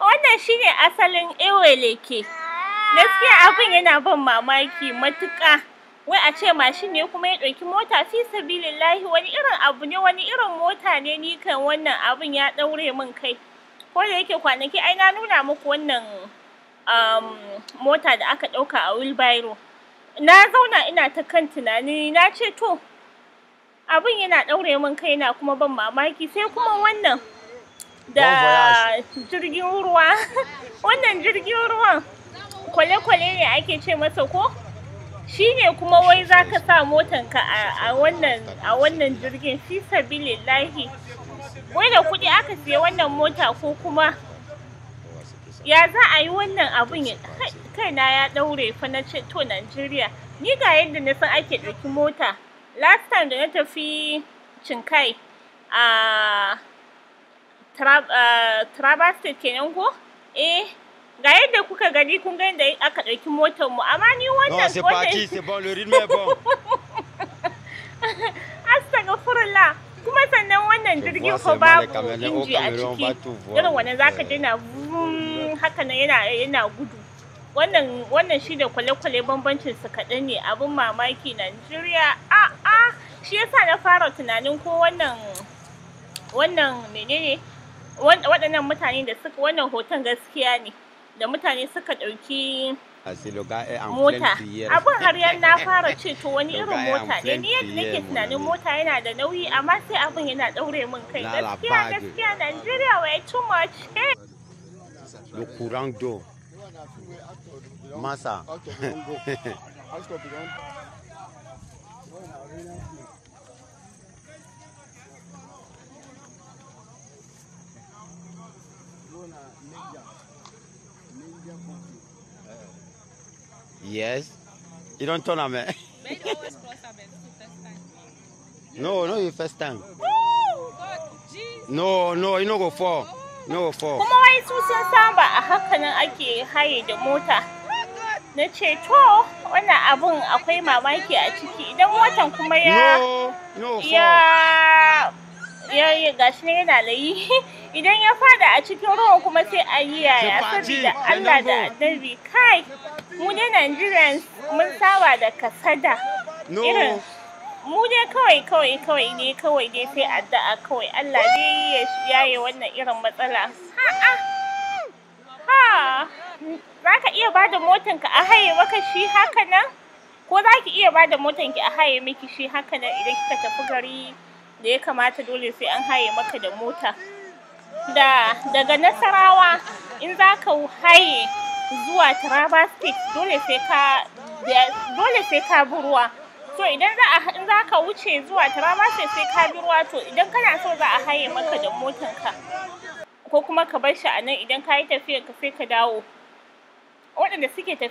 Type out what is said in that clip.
wannan shine asalin Eweleke gaskiya abin yana ban mamaki matuƙa wai a ce mashin ne kuma ya ɗauki mota fi sabilillahi wani irin abu ne wani irin mota ne ni kan wannan abin ya ɗaure min kai ko da yake kwanaki ai na nuna muku wannan um, mota da aka ɗauka a wilbairo. na zauna ina ta kan tunani na ce to abin yana ɗaure min kai yana kuma ban mamaki sai kuma wannan da jirgin ruwa wannan jirgin ruwan kwale-kwale ne ake ce masa ko shi ne kuma wai za ka sa motanka a wannan jirgin fi lillahi. wai da kuɗi aka siya wannan mota ko kuma ya za a yi wannan abun ya na ya ɗaure fa na ce to Najeriya ni ga yadda na san ake ɗauki mota last time da na tafi cinkai a ah, Taraba eh, State kenan ko? Eh, ga yadda kuka gani kun ga yadda aka ɗauki motar mu amma ni wannan motar parti c'est bon le rythme est bon astaghfirullah kuma sannan wannan jirgin ko babu inji a ciki irin wannan zaka ji na haka nan yana yana gudu wannan wannan shi da kwale-kwale bambancin su kaɗan ne abin mamaki Najeriya a a shi yasa na fara tunanin ko wannan wannan menene waɗannan mutane da suka wannan hoton gaskiya ne da mutane suka ɗauki ah, eh, mota abin har yan na fara ce to wani irin mota ne ni yadda nake tunanin mota yana da nauyi amma sai abin yana ɗaure min kai gaskiya gaskiya Najeriya waya too much le masa yes. You don't turn eh? on me. no, no, you first time. No, no, you no go fall. No go fall. Kuma wai su sun saba a haka nan ake haye da mota. Na to wannan abun akwai mamaki a ciki idan motan kuma ya no, no, ya ya gashi ne yana layi idan ya fada a cikin ruwa kuma sai a yi yaya saboda Allah da addabi. kai mu dai Nigerians mun saba da kasada irin mu dai kawai kawai kawai ne kawai dai sai addu'a kawai Allah dai ya yaye wannan irin matsala ha'a ha za ka iya bada motanka a haye maka shi haka nan ko za ki iya ba da motanki a haye miki shi haka nan idan kika tafi gari da ya kamata dole sai an haye maka da mota da daga nasarawa in za ka haye zuwa taraba state dole sai ka dole sai ka bi ruwa to idan za a in za ka wuce zuwa taraba state sai ka bi ruwa to idan kana so za a haye maka da motanka ko kuma ka bar shi a nan idan ka yi tafiyar ka sai ka dawo waɗanda suke tafiya